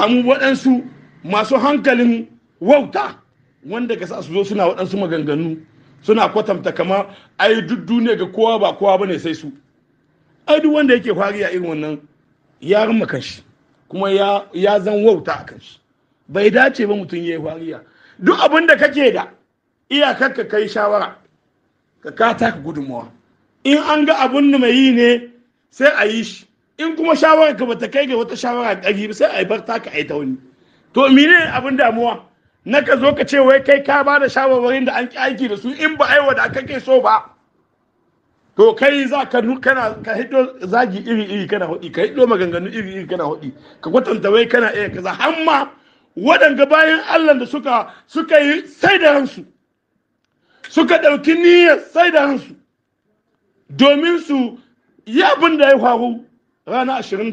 samu waɗansu masu hankalin wauta wanda ka sa su zo suna waɗansu maganganu suna kwatanta kama ai duk duniya ga kowa ba kowa bane sai su ai duk wanda yake fari a irin wannan ya rama kanshi kuma ya zan wauta a kanshi bai dace ba mutum yayi fariya duk abin da kake da iyakar ka kai shawara ka kata ka gudunmawa in an ga abin da mai yi ne sai a yi shi in kuma shawarar ka bata kai ga wata shawara ƙari sai a bar taka a ta wani to mene abin damuwa na ka zo ka ce wai kai ka ba da shawarwarin da an ki aiki da su in ba aiwa da kake so ba to kai za ka kana ka hito zagi iri iri kana hudi ka hito maganganu iri iri kana hudi ka kwatanta wai kana iya kaza hamma waɗanda bayan Allah da suka suka yi sai da hansu, suka ɗauki niyyar sai da hansu domin su yi abin da ya faru rana 26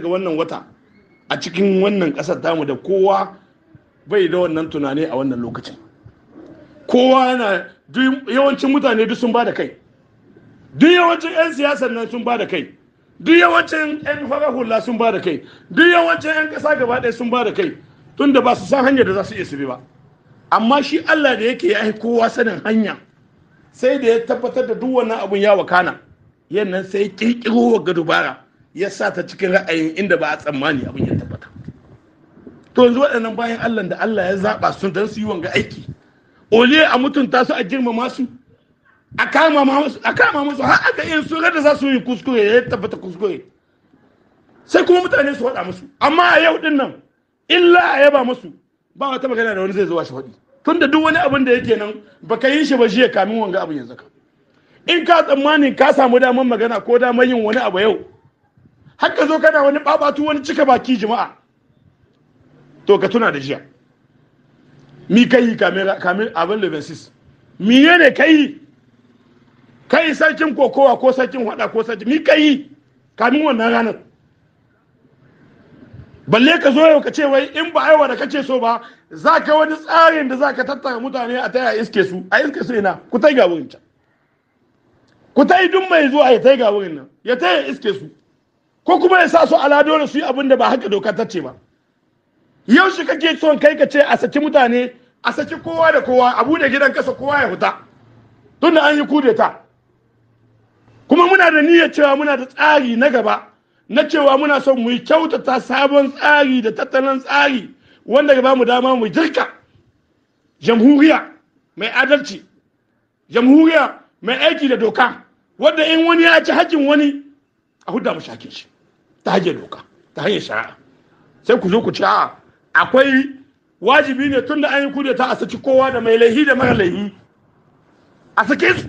ga wannan wata a cikin wannan ƙasar tamu da kowa bai da wannan tunani a wannan lokacin kowa yana yawancin mutane duk sun ba da kai duk yawancin 'yan siyasar nan sun ba da kai duk yawancin 'yan hula sun ba da kai duk yawancin 'yan ƙasa gaba ɗaya sun ba da kai tun da ba su san hanyar da za su iya su ba amma shi allah da yake ya kowa sanin hanya sai da ya tabbatar da duk wannan abun ya wakana yannan sai ƙirƙiro wa ga dubara ya sa ta cikin ra'ayin inda ba a tsammani abin ya tabbata to yanzu waɗannan bayan Allah da Allah ya zaɓa su don su yi wanga aiki oliye a mutunta su a girmama su a kama masu har aka yin su da za su yi kuskure ya tabbata kuskure sai kuma mutane su faɗa musu amma a yau din nan illa a yaba musu ba wata magana da wani zai zuwa shi faɗi tunda duk wani abin da yake nan baka yi shi ba ya kamin wanga abin yanzu ka in ka tsammanin ka samu damar magana ko damar yin wani abu yau har ka zo kana wani babatu wani cika baki jima'a. to ka tuna da jiya mi kai yi kamin abin levensis miye ne kai kai sarkin kokowa ko sarkin hada ko sarkin mi kai kamin wannan ranar balle ka zo yau ka ce wai in ba aiwa da kace so ba za ka wani tsarin da za ka tattara mutane a taya iske su a iske su ina ku taiga wurin can ku taiga duk mai zuwa ya tai ga wurin nan ya taya iske su ko kuma ya sa su ala da su yi abin da ba haka doka ta ce ba yau shi kake son kai ka ce a saki mutane a saki kowa da kowa a bude gidan kasa kowa ya huta tun da an yi kudeta kuma muna da niyyar cewa muna da tsari na gaba na cewa muna son mu yi kyautata sabon tsari da tattalin tsari wanda gaba mu dama mu jirka jamhuriya mai adalci jamhuriya mai aiki da doka wanda in wani ya ci hakkin wani a huda mu shakin shi ta hanyar doka ta hanyar shari'a sai ku zo ku ce a akwai wajibi ne tun da an yi kudeta a saki kowa da mai laihi da mara laihi a sake su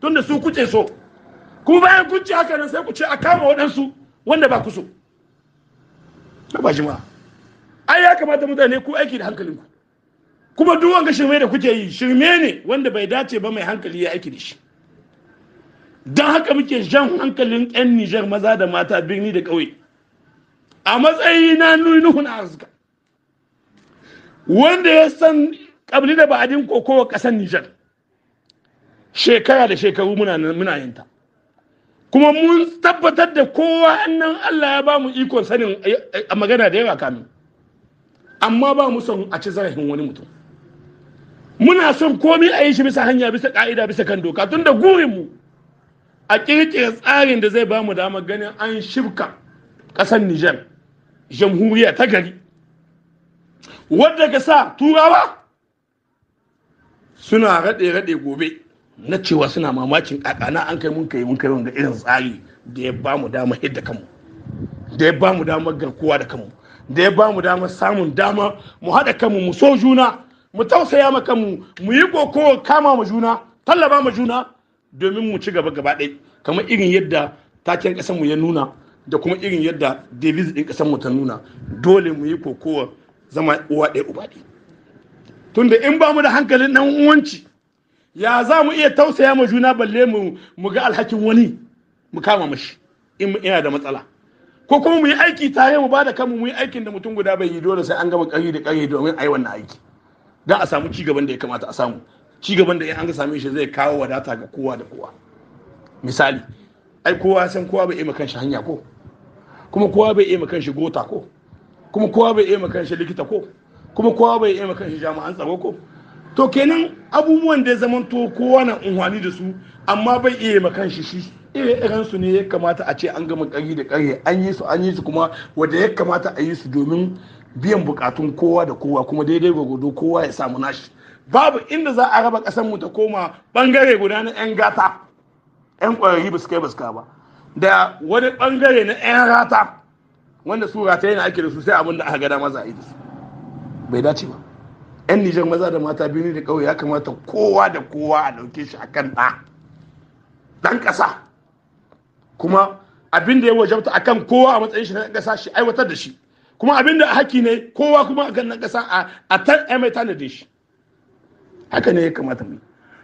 tun da su kuce so kuma bayan kun haka nan sai ku ce a kama waɗansu wanda ba ku so na ba jima ai ya kamata mutane ku aiki da hankalinku kuma duk wanga shirme da kuke yi shirme ne wanda bai dace ba mai hankali ya aiki da shi don haka muke jan hankalin 'yan nijar maza da mata birni da ƙauye a matsayi na na arzika wanda ya san ƙabli da ba'adin kokowa ƙasar nijar shekara da shekaru muna yinta kuma mun tabbatar da kowa nan allah ya ba mu ikon sanin a eh, eh, magana da yawa kamin amma ba mu son a ci zarafin wani mutum muna son komi a yi shi bisa hanya bisa ka'ida bisa kan doka tun da gurinmu a kirkira tsarin da zai ba mu damar ganin an shibka ƙasar Nijar jamhuriya ta gari wadda ga sa turawa suna raɗe-raɗe gobe na cewa suna mamakin kakana an kai mun kai mun kai wanga irin tsari da ya ba mu damar hidda kanmu da ya ba mu damar garkuwa da kanmu da ya ba mu damar samun dama mu haɗa kanmu mu so juna mu tausaya ma kanmu mu yi kokowa kama ma juna tallaba ma juna domin mu ci gaba gaba ɗaya kamar irin yadda taken mu ya nuna da kuma irin yadda davis ɗin mu ta nuna dole mu yi kokowa zama uwa ɗaya uba tunda in ba mu da hankalin nan uwanci ya za mu iya tausaya ma juna balle mu ga alhakin wani mu kama mashi in mu ina da matsala ko kuma mu yi aiki tare mu ba da kanmu mu yi aikin da mutum guda bai yi dole sai an gama ƙarfi da ƙarfi domin a yi wannan aiki don a samu cigaban da ya kamata a samu cigaban da in an ga same shi zai kawo wadata ga kowa da kowa misali ai kowa san kowa bai iya kanshi hanya ko kuma kowa bai iya kanshi gota ko kuma kowa bai iya kanshi likita ko kuma kowa bai iya kanshi jami'an tsaro ko to kenan abubuwan da ya zama to kowa na unhwani da su amma bai iya kanshi shi irin su ne ya kamata a ce an gama kari da kari an yi su an yi su kuma wanda ya kamata a yi su domin biyan bukatun kowa da kowa kuma daidai gwagwado kowa ya samu nashi babu inda za a raba kasanmu ta koma bangare guda na 'yan gata 'yan ƙwararri ba su kai baska ba da wani ɓangare na 'yan rata wanda su rata yana ake da su sai abin da aka gada maza a yi da su bai dace ba 'yan nijar maza da mata biyu da ƙauye ya kamata kowa da kowa a ɗauke shi a kan ɗan ƙasa kuma abin da ya wajabta a kan kowa a matsayin shi na ƙasa shi aiwatar da shi kuma abin da haƙƙi ne kowa kuma a kan na ƙasa a ta mai tanadin shi haka ne ya kamata mu yi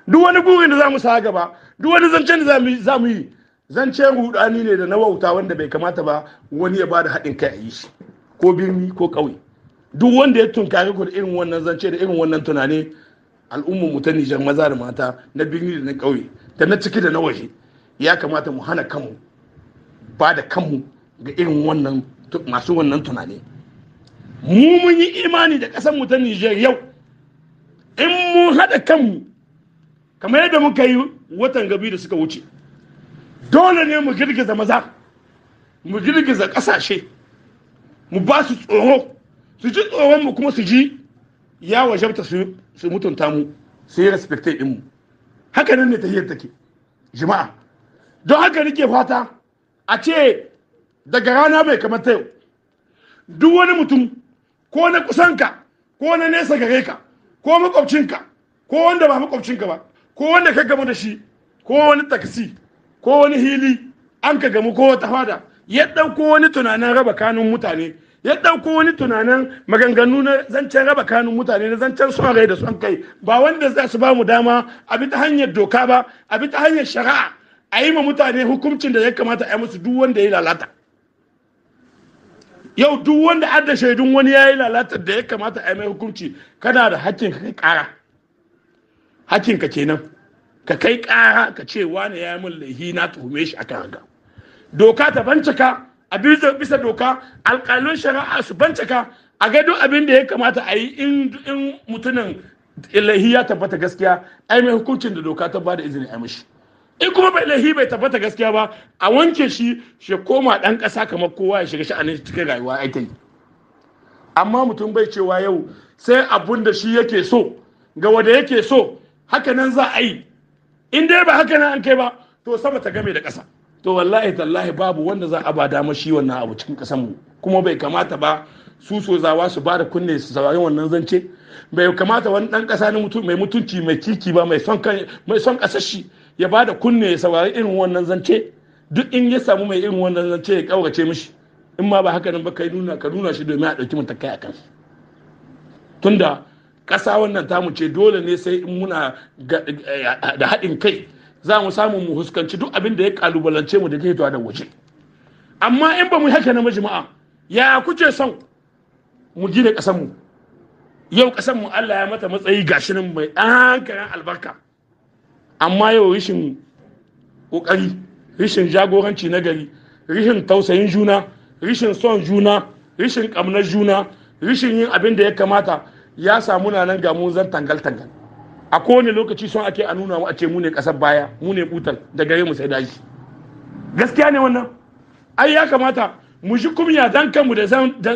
duk wani burin da za mu sa gaba duk wani zancen da za mu yi zancen rudani ne da na wauta wanda bai kamata ba wani ya ba da haɗin kai a yi shi ko birni ko ƙauye duk wanda ya tunkari ku da irin wannan zance da irin wannan tunani al'ummar mu ta Nijar maza da mata na birni da na ƙauye da na ciki da na waje ya kamata mu hana kanmu ba da kanmu ga irin wannan masu wannan tunani mu mun yi imani da ƙasar mu ta Nijar yau in mun haɗa kanmu kamar yadda muka yi watan gabi da suka wuce dole ne mu girgiza maza mu girgiza ƙasashe mu ba su tsoro su ji tsoron mu kuma su ji ya wajabta su mutunta mu su yi respecte ɗinmu haka nan ne ta tahiyar take jima'a don haka nake fata a ce daga rana mai kamar ta yau duk wani mutum ko na kusanka ko na nesa gare ka ko makwabcinka ko wanda ba makwabcinka ba ko wanda ka gamu da shi ko wani taksi ko wani hili an ka gamu ko wata fada ya ɗauko wani tunanin raba kanun mutane ya ɗauko wani tunanin maganganu na zancen raba kanun mutane na zancen son rai da son kai ba wanda za su ba mu dama a bi ta hanyar doka ba a bi ta hanyar shari'a a yi ma mutane hukuncin da ya kamata a yi musu duk wanda ya lalata yau duk wanda adda shaidun wani ya yi lalata da ya kamata a yi mai hukunci kana da hakkin kai kara hakinka kenan ka kai ƙara ka ce wani ya yi min laihi na tuhume shi a haka doka ta bancaka a bisa doka alƙalin shari'a su bancaka a ga duk abin da ya kamata a yi in mutumin laihi ya tabbata gaskiya ai mai hukuncin da doka ta bada izini a mishi in kuma bai laihi bai tabbata gaskiya ba a wanke shi shi koma ɗan kasa kamar kowa ya shiga sha'anin cikin rayuwa ai yi amma mutum bai cewa yau sai abun da shi yake so ga wanda yake so haka nan za a yi in dai ba haka nan an kai ba to sama ta game da ƙasa to wallahi tallahi babu wanda za a ba dama shi wannan abu cikin ƙasar mu kuma bai kamata ba su sozawa su ba da kunne su saurari wannan zance bai kamata wani ɗan ƙasa mai mutunci mai kiki ba mai son ƙasar shi ya ba da kunne ya saurari irin wannan zance duk in ya samu mai irin wannan zance ya kaurace mishi in ma ba haka nan ba kai nuna ka nuna shi domin a ɗauki matakai a kansu tunda ƙasa wannan tamu ce dole ne sai in muna eh, da haɗin kai za mu samu mu huskanci duk abin da ya kalubalance mu da ke da waje amma in ba mu haka na majima'a ya kuce son mu gina ƙasar mu yau ƙasar mu Allah ya mata matsayi gashi nan mai hankalin albarka amma yau rishin ƙoƙari rishin jagoranci na gari rishin tausayin juna rishin son juna rishin ƙamnar juna rishin yin abin da ya kamata ya samu na nan ga mu zan tangal tangal a kowane lokaci son ake a nuna mu a ce mu ne kasar baya mu ne butal da gare mu sai da shi gaskiya ne wannan ai ya kamata mu shi kumya dan kanmu da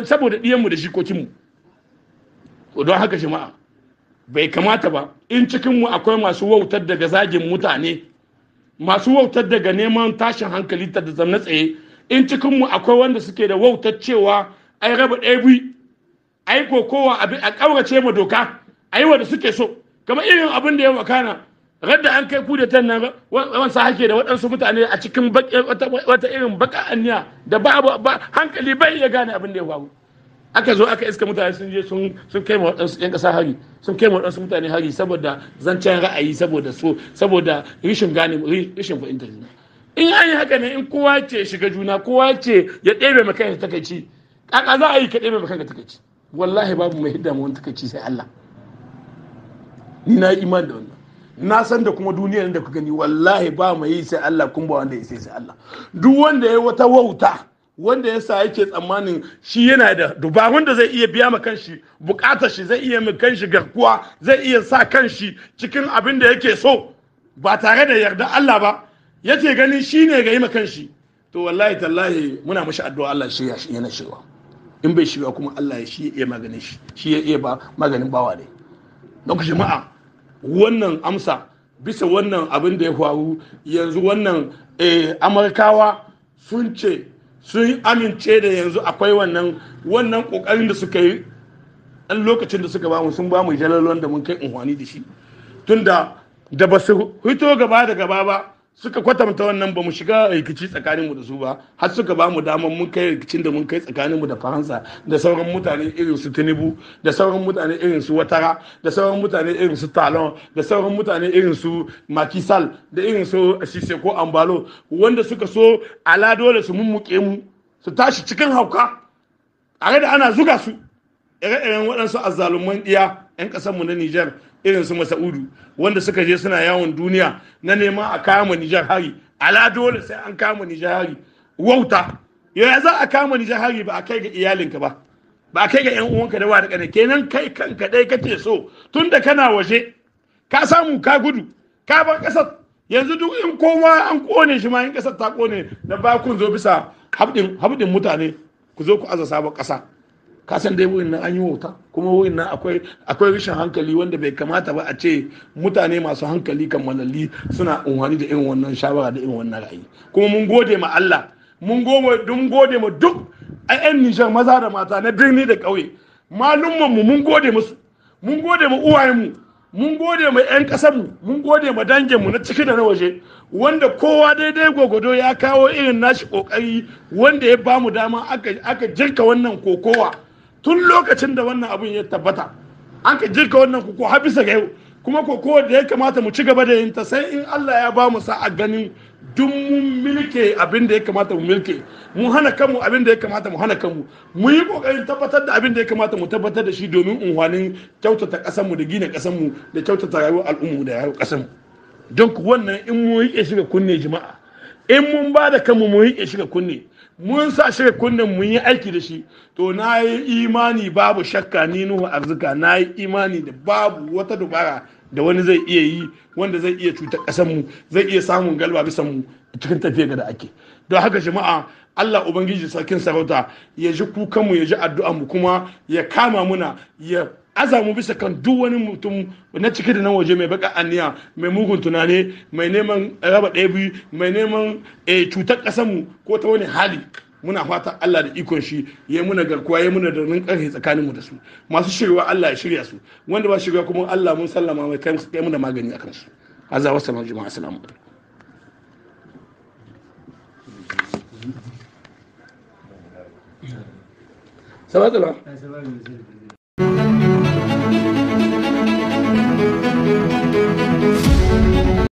saboda diyan mu da shikokin mu don haka jama'a bai kamata ba in cikin mu akwai masu wautar daga zagin mutane masu wautar daga neman tashin hankali ta da zamna tsaye in cikin akwai wanda suke da wautar cewa ai raba ɗaya a yi kowa a ƙaurace ma doka a yi wanda suke so kamar irin abin da ya wakana radda an kai kudatan nan sa hake da waɗansu mutane a cikin eh, wata irin baka aniya da babu hankali bai ya gane abin da ya faru aka zo aka iska mutane sun je sun kai ma waɗansu ƴan ƙasa hari sun kai ma waɗansu mutane hari saboda zancen ra'ayi saboda so saboda rishin gane rishin fahimtar juna in an yi haka ne in kowa ce shiga juna kowa ce ya ɗebe maka ya takaici kaka za a yi ka ɗebe maka kanka takaici wallahi babu mai hidda wani takaici sai Allah ni na iman da wannan na san da kuma duniya da ku gani wallahi ba mai yi sai Allah kun ba wanda ya sai sai Allah duk wanda ya wata wauta wanda ya sa yake tsammanin shi yana da duba wanda zai iya biya ma kanshi bukatar shi zai iya ma kanshi garkuwa zai iya sa kanshi cikin abin da yake so ba tare da yarda Allah ba yace gani shine ga yi ma kanshi to wallahi tallahi muna mashi addu'a Allah shi ya shi yana shewa in bai shiga kuma Allah shi ya iya maganin shi shi ya iya maganin bawa ne don jama'a wannan amsa bisa wannan abin da ya faru yanzu wannan eh, amurkawa sun ce sun amince da yanzu akwai wannan wannan kokarin da suka yi ɗan lokacin da suka bamu sun bamu jalalon da mun kai unhwani da shi tunda da ba su hito gaba da gaba ba suka kwatanta wannan ba mu shiga rikici tsakanin mu da su ba har suka ba mu damar mun kai rikicin da mun kai tsakanin mu da faransa da sauran mutane irin su tinubu da sauran mutane irin su watara da sauran mutane irin su talon da sauran mutane irin su makisal da irin su sise ko ambalo wanda suka so ala dole su mummuke mu su tashi cikin hauka a da ana zuga su ire-iren waɗansu azzaluman iya 'yan mu na nijar irin su masa'udu wanda suka je suna yawon duniya na nema a kama nijar hari ala dole sai an kama nijar hari wauta yaya za a kama nijar hari ba a kai ga iyalinka ba ba a kai ga yan uwanka da wada kane kenan kai kanka dai kake so tun da kana waje ka samu ka gudu ka bar kasar yanzu duk in kowa an kone shi ma in kasar ta kone da bakun zo bisa habdin mutane ku zo ku aza sabon kasa ka san dai wurin nan an yi wauta kuma wurin nan akwai akwai rashin hankali wanda bai kamata ba a ce mutane masu hankali kammalalli suna unhani da irin wannan shawara da irin wannan ra'ayi kuma mun gode ma Allah mun gode ma duk a 'yan maza da mata na birni da ƙauye mu mun gode musu mun gode ma mu mun gode ma 'yan mu mun gode ma mu na ciki da na waje wanda kowa daidai gwagwado ya kawo irin nashi ƙoƙari wanda ya bamu dama aka jirka wannan kokowa tun lokacin da wannan abun ya tabbata an ka jirka wannan koko har bisa ga yau kuma ko da ya kamata mu ci gaba da yin ta sai in Allah ya ba mu sa'a ganin duk mun milke abin da ya kamata mu milke mu hana kanmu abin da ya kamata mu hana kanmu mu yi kokarin tabbatar da abin da ya kamata mu tabbatar da shi domin unhwanin kyautata mu da gina mu da kyautata rayuwar al'ummu da rayuwar mu don wannan in mu yi shiga kunne jama'a in mun ba da kanmu mu yi shiga kunne mun sa shi kunnen mun yi aiki da shi to na yi imani babu shakka ni nuhu arzika na yi imani da babu wata dubara da wani zai iya yi wanda zai iya cutar ƙasar mu zai iya samun galba bisa mu cikin tafiya da ake don haka jama'a Allah ubangiji sarkin sarauta ya ji kukan mu ya ji addu'an mu kuma ya kama muna ya azamu bisa kan duk wani mutum na cike da nan waje mai baka aniya mai mugun tunani mai neman raba ɗaya biyu mai neman eh, cutar mu ko ta wani hali muna fata Allah da ikon shi ya muna garkuwa ya muna da nan ƙarfi tsakanin mu da su masu shirya Allah ya shirya su wanda ba shirya kuma Allah mun sallama mai kai mu da magani akan su azza wa sallam jama'a assalamu alaikum سبعة Thank you.